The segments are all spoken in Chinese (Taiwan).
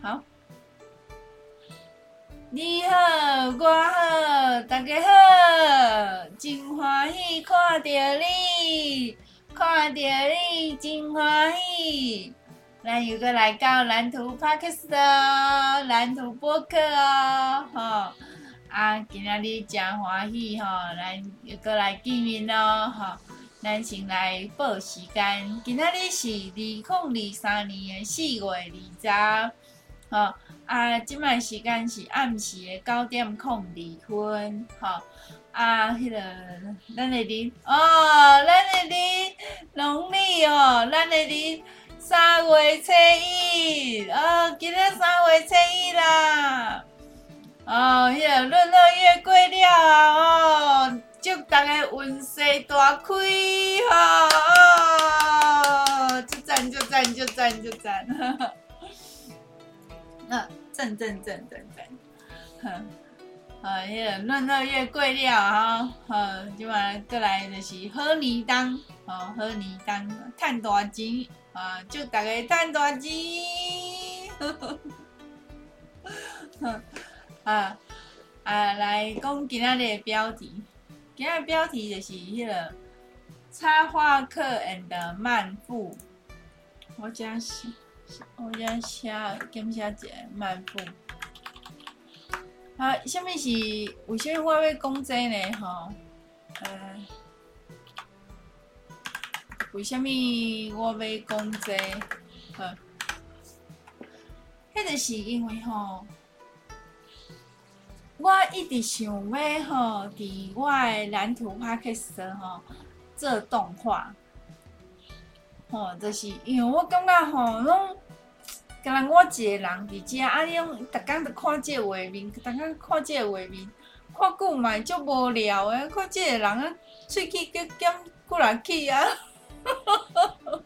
好，你好，我好，大家好，真歡喜看到你，看到你真歡喜。咱又閣來到藍圖 Podcast 的、哦、藍圖博客哦，吼、哦。啊，今仔日真歡喜吼，咱又閣來見面咯。吼、哦。咱先來報時間，今仔日是二零二三年的四月二十。好啊，即賣時間是暗時的九點零二分，好啊，迄、那個咱的年哦，咱的年農曆哦，咱的年三月初一啊，今日三月初一啦，哦，迄、那個閏二月過了哦，祝大家運勢大開，哈、哦、啊、哦，就贊就贊就贊就贊，呵呵。那、啊、正，正正正正，等，哼，啊，越論越越貴掉啊，好，今晚各來的是喝泥湯，好喝泥湯，賺大錢，啊，就大家賺大錢，呵呵，呵，哼，啊啊，來講今仔日的標題，今仔日標題就是迄、那個插畫課 and 慢富，我真是。我只寫今寫一個慢富。啊，蝦米是？為什麼我要講這呢？吼，嗯、啊，為什麼我要講這個？呵、啊，迄個是因為吼，我一直想要吼，在我的藍圖 Podcast 吼做動畫。吼、哦，就是，因為我感覺吼，攏，敢若我一個人佇遮，啊，你講，逐工着看即個畫面，逐工看即個畫面，看久嘛，足無聊誒。看即個人啊，喙齒都減骨來去啊，吼，哈哈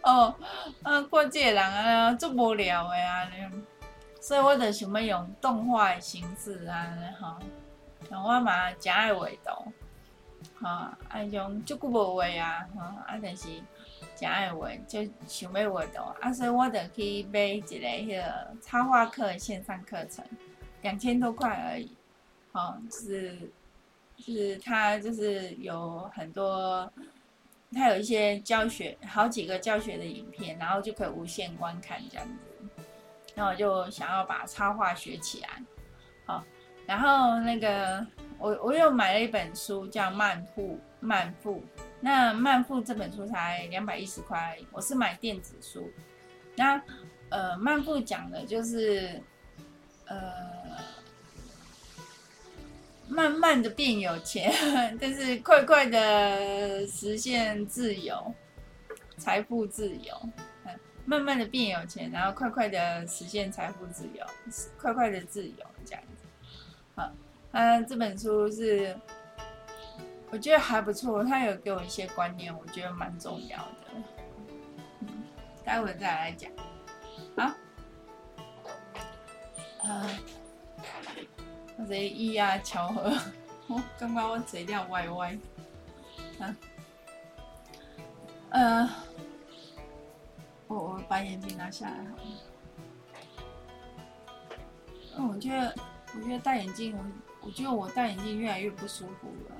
哈，啊，看即個人啊，足無聊誒。啊，所以我着想要用動畫誒形式啊，吼，用我嘛，誠愛畫圖，吼，啊，迄種足久無畫啊，吼，啊，但、啊啊啊就是。真愛文，就請欲我的、哦、啊，所以我就去買一類迄插畫課線上課程，兩千多塊而已，好、哦、是就是他就是有很多，他有一些教學，好幾個教學的影片，然後就可以無限觀看這樣子，然後我就想要把插畫學起來，好、哦，然後那個我我又買了一本書叫漫《慢富慢富》。那《慢富》這本書才兩百一十塊，我是買電子書。那，呃，《慢富》講的就是，呃，慢慢的變有錢，但、就是快快的實現自由，財富自由。慢慢的變有錢，然後快快的實現財富自由，快快的自由這樣子。好，那、啊、這本書是。我覺得還不錯，他有給我一些觀念，我覺得蠻重要的、嗯。待會再來講，啊？呃，這個意外、啊、巧合，我剛剛我這一歪歪，啊，呃，我我把眼鏡拿下來好了、嗯。我覺得，我覺得戴眼鏡，我，我覺得我戴眼鏡越來越不舒服了。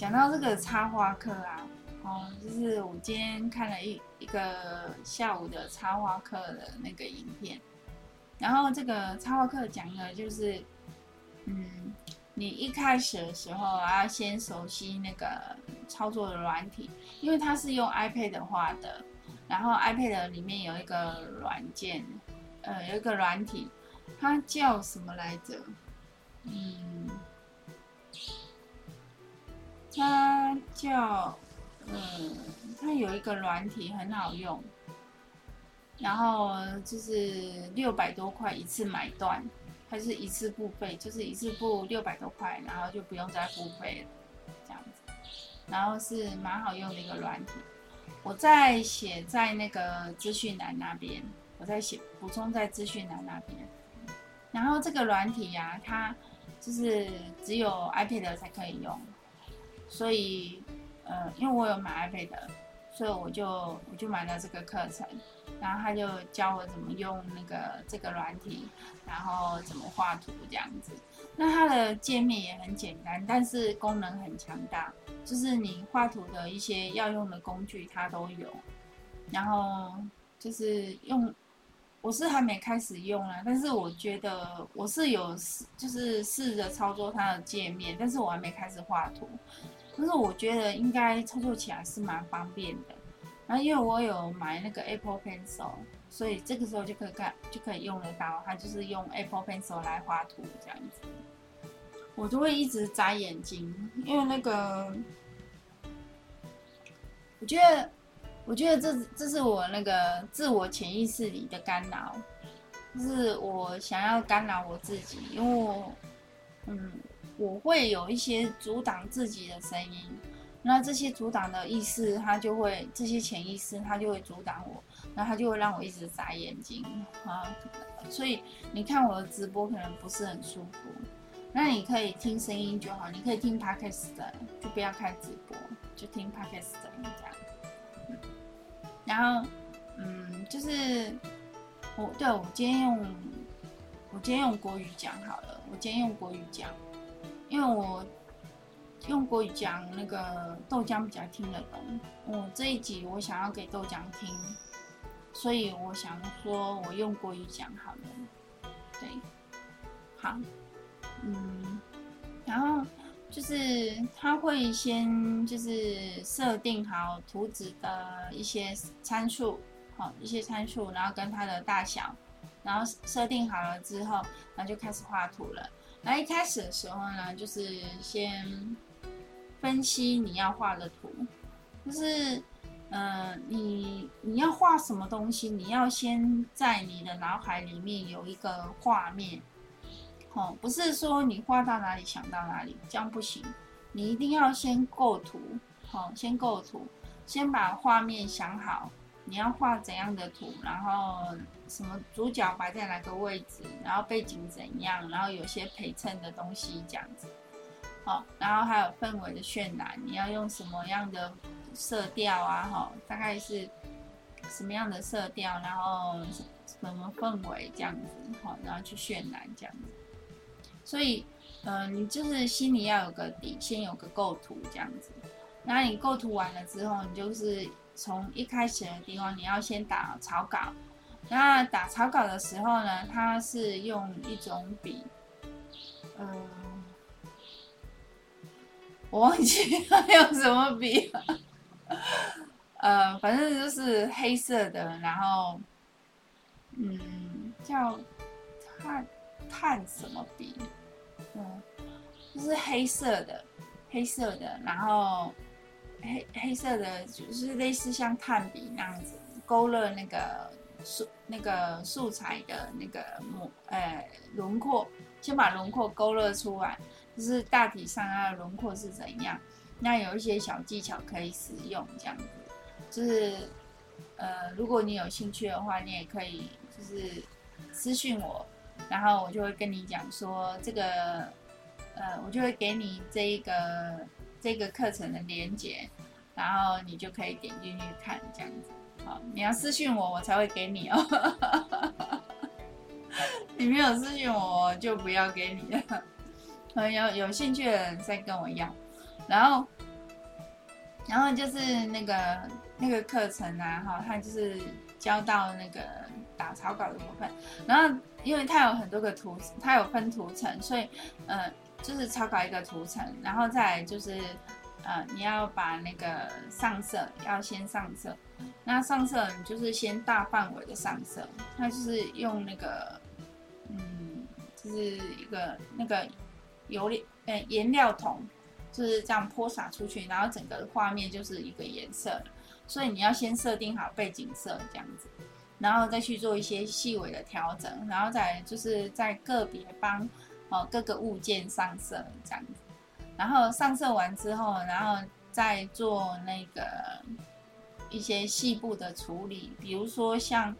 講到這個插畫課啊，哦，就是我今天看了一一個下午的插畫課的那個影片，然後這個插畫課講的，就是，嗯，你一開始的時候啊，先熟悉那個操作的軟體，因為它是用 iPad 畫的，然後 iPad 裡面有一個軟件，呃，有一個軟體，它叫什麼來着？嗯。它叫，呃、嗯，它有一個軟體很好用，然後就是六百多塊一次買斷，它是一次付費，就是一次付六百多塊，然後就不用再付費了，這樣子，然後是蠻好用的一個軟體，我在寫在那個資訊欄那邊，我在寫補充在資訊欄那邊，然後這個軟體啊，它就是只有 iPad 才可以用。所以，呃，因為我有買 iPad，所以我就我就買了這個課程，然後他就教我怎麼用那個這個軟體，然後怎麼畫圖這樣子。那它的界面也很簡單，但是功能很強大，就是你畫圖的一些要用的工具它都有。然後就是用，我是還沒開始用啊，但是我覺得我是有試，就是試着操作它的界面，但是我還沒開始畫圖。可是我覺得應該操作起來是蠻方便的，然後因為我有買那個 Apple Pencil，所以這個時候就可以看，就可以用得到。它就是用 Apple Pencil 來畫圖這樣子，我就會一直眨眼睛，因為那個，我覺得，我覺得這這是我那個自我潛意識裡的干擾，就是我想要干擾我自己，因為我，嗯。我會有一些阻擋自己的聲音，那這些阻擋的意思，它就會這些潛意識，它就會阻擋我，那它就會讓我一直眨眼睛啊，所以你看我的直播可能不是很舒服，那你可以聽聲音就好，你可以聽 podcast 的，就不要開直播，就聽 podcast 的這樣。嗯。然後，嗯，就是我，對，我今天用我今天用國語講好了，我今天用國語講。因為我用國語講那個豆漿比較聽得懂，我、嗯、這一集我想要給豆漿聽，所以我想說我用國語講好了，對，好，嗯，然後就是他會先就是設定好圖紙的一些參數，好一些參數，然後跟它的大小，然後設定好了之後，然後就開始畫圖了。來，一開始的時候呢，就是先分析你要畫的圖，就是，嗯、呃，你你要畫什麼東西，你要先在你的腦海裡面有一個畫面，哦，不是說你畫到哪裡想到哪裡，這樣不行，你一定要先構圖，好、哦，先構圖，先把畫面想好。你要畫怎樣的圖，然後什麼主角擺在哪個位置，然後背景怎樣，然後有些陪襯的東西這樣子，好、喔，然後還有氛圍的渲染，你要用什麼樣的色調啊？哈、喔，大概是什麼樣的色調，然後什麼氛圍這樣子，好、喔，然後去渲染這樣子。所以，嗯、呃，你就是心裡要有個底，先有個構圖這樣子。那你構圖完了之後，你就是。從一開始的地方，你要先打草稿。那打草稿的時候呢，它是用一種筆，嗯，我忘記它有什麼筆、啊，呃、嗯，反正就是黑色的，然後，嗯，叫碳碳什麼筆，嗯，就是黑色的，黑色的，然後。黑、黑色的，就是類似像炭筆那樣子勾勒那個素那個素材的那個模、呃輪廓，先把輪廓勾勒出來，就是大體上它的輪廓是怎樣。那有一些小技巧可以使用這樣子，就是呃，如果你有興趣的話，你也可以就是私訊我，然後我就會跟你講說這個呃，我就會給你這一個。這個課程的連結，然後你就可以點進去看這樣子。好，你要私訊我，我才會給你哦。 你沒有私訊我，就不要給你了。有有興趣的人再跟我要。然後，然後就是那個那個課程啊，哈，它就是教到那個打草稿的部分。然後，因為它有很多個圖，它有分圖層，所以嗯。呃就是草稿一個圖層，然後再來就是，呃，你要把那個上色要先上色，那上色你就是先大範圍的上色，那就是用那個，嗯，就是一個那個油、呃、顏料桶，就是這樣潑灑出去，然後整個畫面就是一個顏色，所以你要先設定好背景色這樣子，然後再去做一些細微的調整，然後再就是在個別方。哦，各個物件上色這樣子，然後上色完之後，然後再做那個一些細部的處理，比如說像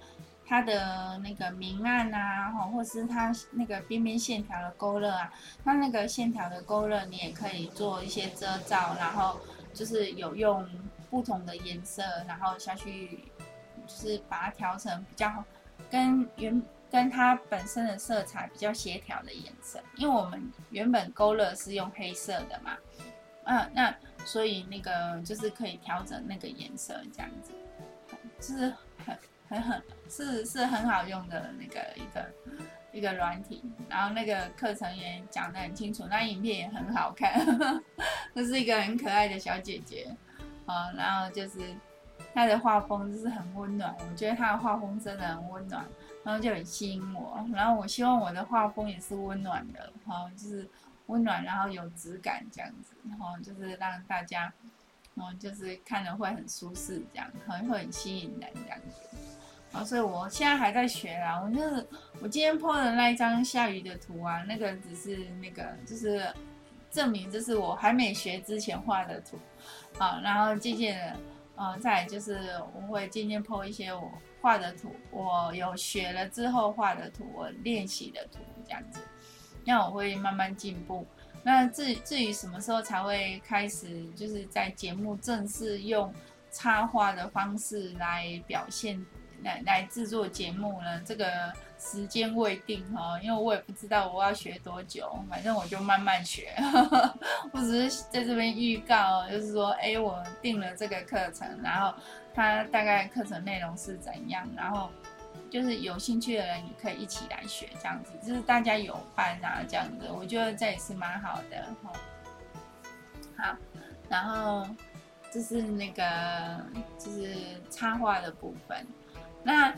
它的那個明暗啊，哈，或是它那個邊邊線條的勾勒啊，它那個線條的勾勒，你也可以做一些遮罩，然後就是有用不同的顏色，然後下去就是把它調成比較好跟原。跟它本身的色彩比較協調的顏色，因為我們原本勾勒是用黑色的嘛，嗯、啊，那所以那個就是可以調整那個顏色這樣子，就是很很很，是是很好用的那個一個一個軟體，然後那個課程也講得很清楚，那影片也很好看，那 是一個很可愛的小姐姐，好，然後就是。他的畫風就是很溫暖，我覺得他的畫風真的很溫暖，然後就很吸引我。然後我希望我的畫風也是溫暖的，然後就是溫暖，然後有質感這樣子，然後就是讓大家，嗯，就是看了會很舒適，這樣很會很吸引人這樣子。然後所以我現在還在學啦，我就是我今天 po 的那一張下雨的圖啊，那個只是那個就是證明這是我還沒學之前畫的圖，好，然後漸漸的。嗯、哦，再來就是我會今天 po 一些我畫的圖，我有學了之後畫的圖，我練習的圖這樣子，那我會慢慢進步。那至至於什麼時候才會開始，就是在節目正式用插畫的方式來表現。來來製作節目呢，這個時間未定哈、哦，因為我也不知道我要學多久，反正我就慢慢學。呵呵，我只是在這邊預告，就是說，哎，我訂了，這個課程，然後它大概課程內容是怎樣，然後就是有興趣的人你可以一起來學這樣子，就是大家有伴啊這樣子，我覺得這也是蠻好的、哦、好，然後這是那個就是插畫的部分。那，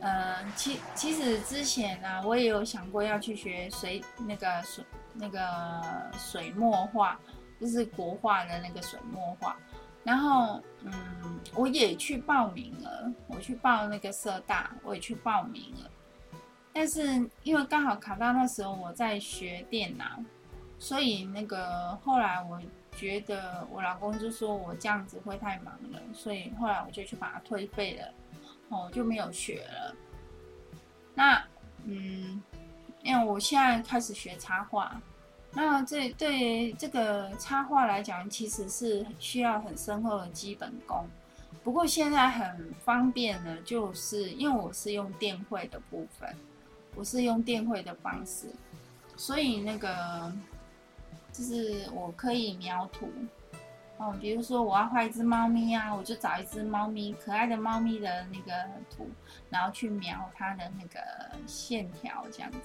呃，其其實之前呢、啊，我也有想過要去學水那個水那個水墨畫，就是國畫的那個水墨畫。然後，嗯，我也去報名了，我去報那個社大，我也去報名了。但是因為剛好卡到那時候我在學電腦，所以那個後來我覺得我老公就說我這樣子會太忙了，所以後來我就去把它退費了。哦，就沒有學了。那，嗯，因為我現在開始學插畫，那這對這個插畫來講，其實是需要很深厚的基本功。不過現在很方便的，就是因為我是用電繪的部分，我是用電繪的方式，所以那個就是我可以描圖。哦，比如說我要畫一隻貓咪啊，我就找一隻貓咪可愛的貓咪的那個圖，然後去描它的那個線條，這樣子，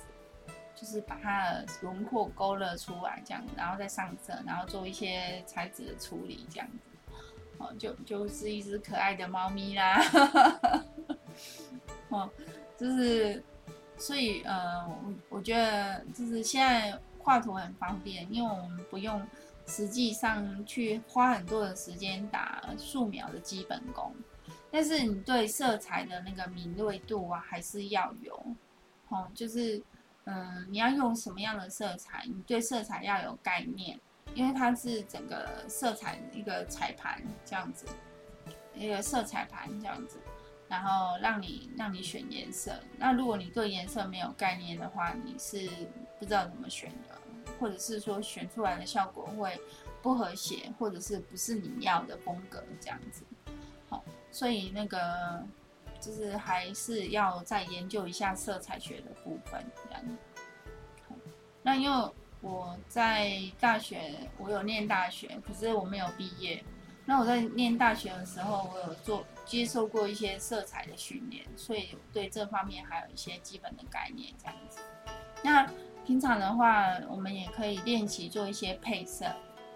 就是把它的輪廓勾勒出來，這樣子，然後再上色，然後做一些材質的處理，這樣子，哦，就就是一隻可愛的貓咪啦， 哦，就是，所以呃，我覺得就是現在畫圖很方便，因為我們不用。實際上去花很多的時間打素描的基本功，但是你對色彩的那個敏銳度啊，還是要有。哦，就是，嗯，你要用什麼樣的色彩，你對色彩要有概念，因為它是整個色彩一個彩盤這樣子，一個色彩盤這樣子，然後讓你讓你選顏色。那如果你對顏色沒有概念的話，你是不知道怎麼選的。或者是說，選出來的效果會不和諧，或者是不是你要的風格這樣子。好，所以那個就是還是要再研究一下色彩學的部分這樣子。好，那因為我在大學，我有念大學，可是我沒有畢業。那我在念大學的時候，我有做接受過一些色彩的訓練，所以對這方面還有一些基本的概念這樣子。那。平常的話，我們也可以練習做一些配色，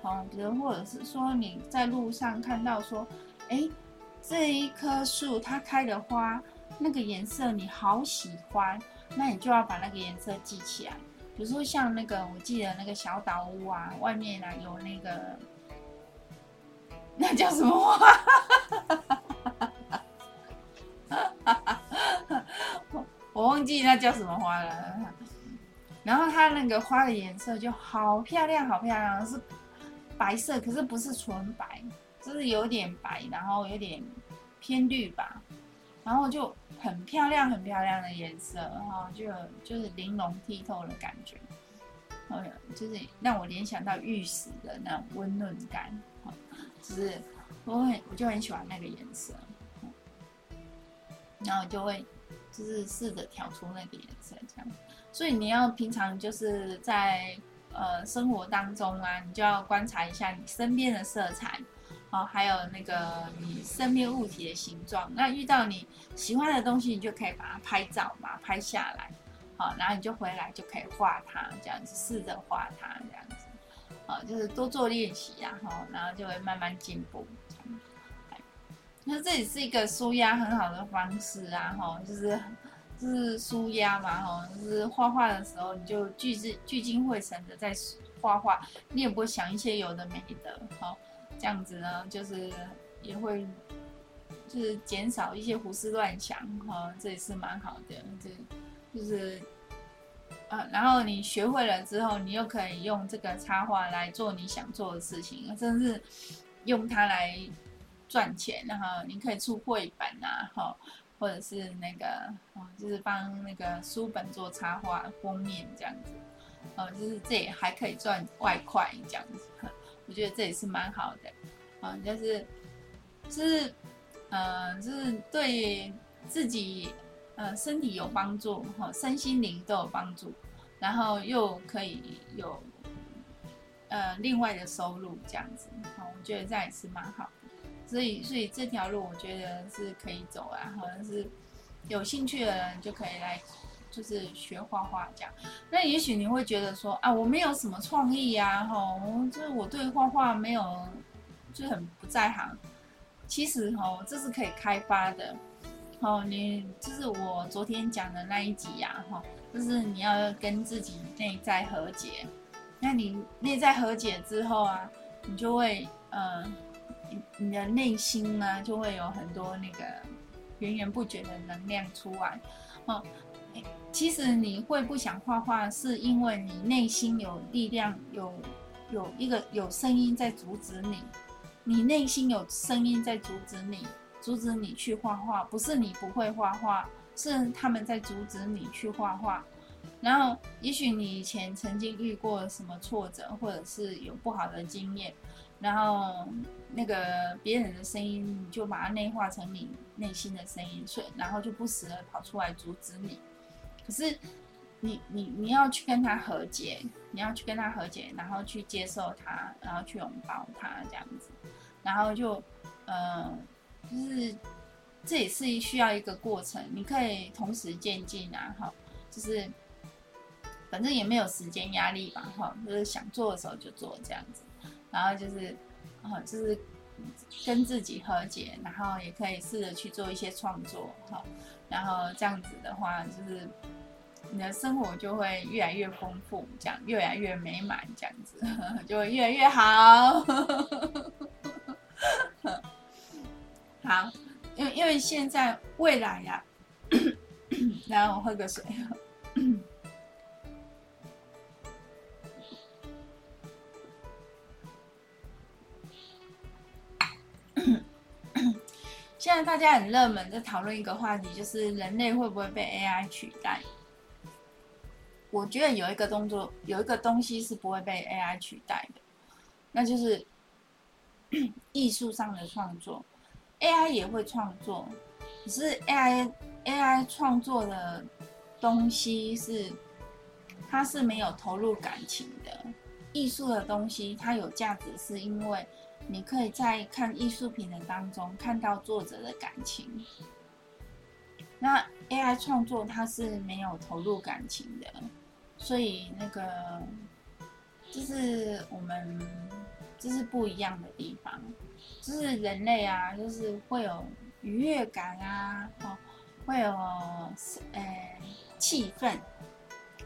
哦，比如或者是說你在路上看到說，哎，這一棵樹它開的花那個顏色你好喜歡，那你就要把那個顏色記起來。比如說像那個，我記得那個小島屋啊，外面啊有那個，那叫什麼花？ 我我忘記那叫什麼花了。然後它那個花的顏色就好漂亮，好漂亮，是白色，可是不是純白，就是有點白，然後有點偏綠吧，然後就很漂亮、很漂亮的顏色，然後就就是玲瓏剔透的感覺，就是讓我聯想到玉石的那種溫潤感，就是我很我就很喜歡那個顏色，然後就會。就是試着調出那個顏色這樣子，所以你要平常就是在呃生活當中啊，你就要觀察一下你身邊的色彩，好、哦，還有那個你身邊物體的形狀。那遇到你喜歡的東西，你就可以把它拍照嘛，拍下來，好、哦，然後你就回來就可以畫它這樣子，試着畫它這樣子，啊、哦，就是多做練習、啊，然、哦、後然後就會慢慢進步。那這裡是一個舒壓很好的方式啊，吼、就是，就是就是舒壓嘛，吼，就是畫畫的時候你就聚精聚精會神的在畫畫，你也不會想一些有的沒的，這樣子呢，就是也會就是減少一些胡思亂想，吼，這也是蠻好的，就就是、啊、然後你學會了之後，你又可以用這個插畫來做你想做的事情，甚至用它來。賺錢，然後你可以出繪本啊，或者是那個，哦，就是幫那個書本做插畫封面這樣子，哦，就是這也還可以賺外快這樣子，我覺得這也是蠻好的，哦，就是，就是，呃，就是對自己，呃，身體有幫助，哈，身心靈都有幫助，然後又可以有，呃，另外的收入這樣子，好，我覺得這樣也是蠻好的。所以，所以這條路我覺得是可以走啊，好像是有興趣的人就可以來，就是學畫畫這樣。那也許你會覺得說啊，我沒有什麼創意呀、啊，吼，就是我對畫畫沒有，就很不在行。其實吼，這是可以開發的。哦，你就是我昨天講的那一集呀、啊，吼，就是你要跟自己內在和解。那你內在和解之後啊，你就會嗯。呃你的內心呢，就會有很多那個源源不絕的能量出來。哦，其實你會不想畫畫，是因為你內心有力量，有有一個有聲音在阻止你。你內心有聲音在阻止你，阻止你去畫畫，不是你不會畫畫，是他們在阻止你去畫畫。然後，也許你以前曾經遇過什麼挫折，或者是有不好的經驗。然後那個別人的聲音，你就把它內化成你內心的聲音，所以然後就不時的跑出來阻止你。可是你你你要去跟他和解，你要去跟他和解，然後去接受他，然後去擁抱他這樣子，然後就呃，就是這也是需要一個過程，你可以同時漸進，然後就是反正也沒有時間壓力吧，哈，就是想做的時候就做這樣子。然後就是、哦，就是跟自己和解，然後也可以試着去做一些創作，哈、哦，然後這樣子的話，就是你的生活就會越來越豐富，這樣越來越美滿，這樣子就會越來越好。 好，因為因為現在未來呀、啊，來 我喝個水。但大家很熱門在討論一個話題，就是人類會不會被 AI 取代？我覺得有一個動作，有一個東西是不會被 AI 取代的，那就是藝術 上的創作。AI 也會創作，只是 AI AI 創作的東西是，它是沒有投入感情的。藝術的東西它有價值，是因為，你可以在看藝術品的當中看到作者的感情。那 AI 創作它是沒有投入感情的，所以那個就是我們就是不一樣的地方，就是人類啊，就是會有愉悅感啊，哦，會有呃、欸、氣憤，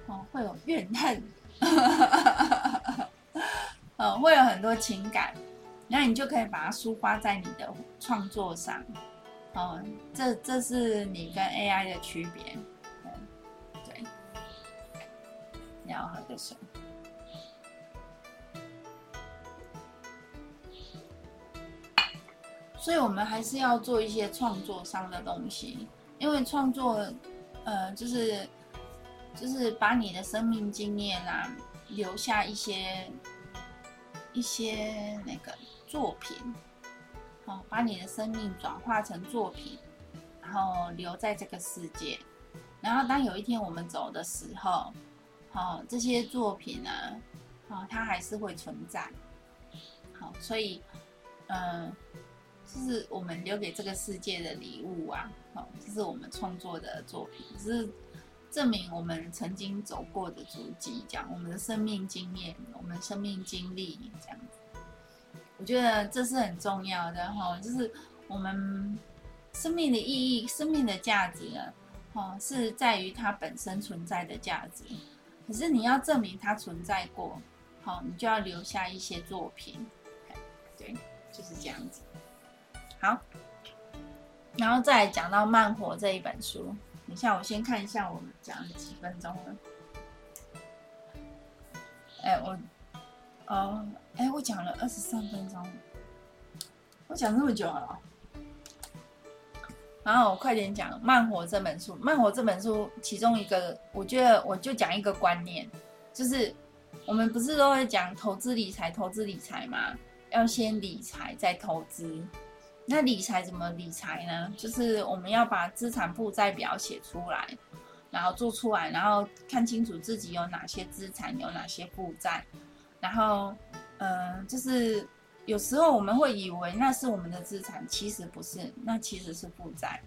哦，會有怨恨，呵呵呵，哦，會有很多情感。那你就可以把它抒發在你的創作上，哦、嗯，這這是你跟 AI 的區別，嗯、對，然後就是。所以我們還是要做一些創作上的東西，因為創作，呃，就是就是把你的生命經驗啊，留下一些一些那個。作品，好，把你的生命轉化成作品，然後留在這個世界。然後當有一天我們走的時候，好，這些作品呢，好，它還是會存在。好，所以，嗯、呃、這、就是我們留給這個世界的禮物啊，好，這是我們創作的作品，是證明我們曾經走過的足跡，講我們的生命經驗，我們生命經歷這樣子。我覺得這是很重要的哈，就是我們生命的意義、生命的價值呢，哦，是在於它本身存在的價值。可是你要證明它存在過，好，你就要留下一些作品。對，就是這樣子。好，然後再講到《慢富》這一本書。等一下，我先看一下我們講了幾分鐘了。哎、欸，我。哦，哎、oh，我講了二十三分鐘，我講這麼久了，然後我快點講《慢富》這本書。《慢富》這本書其中一個，我覺得我就講一個觀念，就是我們不是都會講投資理財、投資理財嗎？要先理財再投資。那理財怎麼理財呢？就是我們要把資產負債表寫出來，然後做出來，然後看清楚自己有哪些資產，有哪些負債。然後，嗯、呃，就是有時候我們會以為那是我們的資產，其實不是，那其實是負債。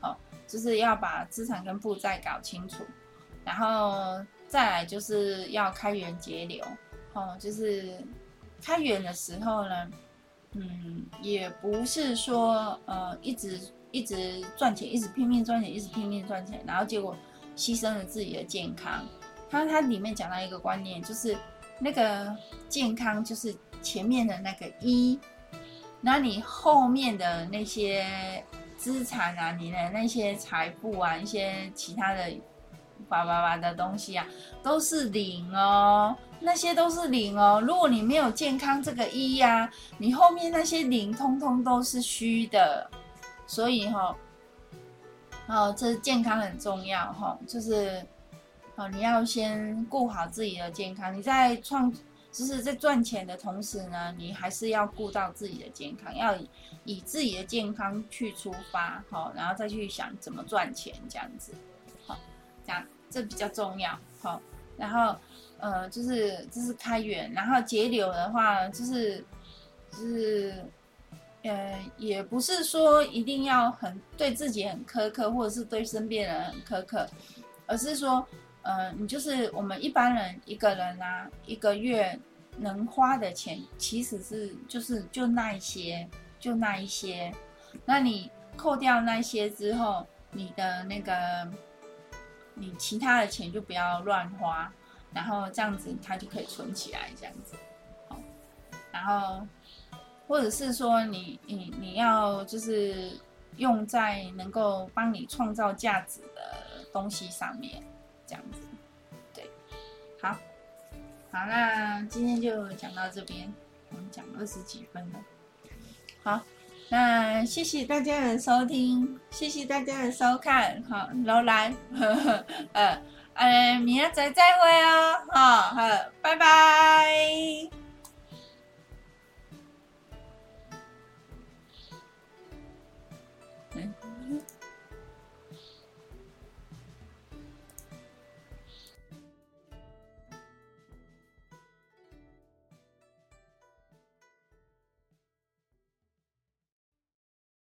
好、哦，就是要把資產跟負債搞清楚，然後再來就是要開源節流。哦，就是開源的時候呢，嗯，也不是說呃一直一直賺錢，一直拼命賺錢，一直拼命賺錢，然後結果犧牲了自己的健康。他他裡面講到一個觀念，就是。那個健康就是前面的那個一，那你後面的那些資產啊，你的那些財富啊，一些其他的吧巴吧的東西啊，都是零哦，那些都是零哦。如果你沒有健康這個一呀、啊，你後面那些零通通都是虛的。所以哈、哦，哦，這健康很重要哈、哦，就是。你要先顧好自己的健康。你在創，就是在賺錢的同時呢，你還是要顧到自己的健康，要以，以自己的健康去出發，好，然後再去想怎麼賺錢，這樣子，好，這樣這比較重要，好。然後，呃，就是就是開源，然後節流的話呢，就是就是，呃，也不是說一定要很對自己很苛刻，或者是對身邊人很苛刻，而是說。嗯、呃，你就是我們一般人一個人啊，一個月能花的錢其實是就是就那一些，就那一些。那你扣掉那些之後，你的那個，你其他的錢就不要亂花，然後這樣子它就可以存起來，這樣子。哦、然後或者是說你你你要就是用在能夠幫你創造價值的東西上面。這樣子，對，好，好，那今天就講到這邊，我們講二十幾分了，好，那謝謝大家的收聽，謝謝大家的收看，好，勞煩，呃，呃，明天再再會哦，好，好，拜拜。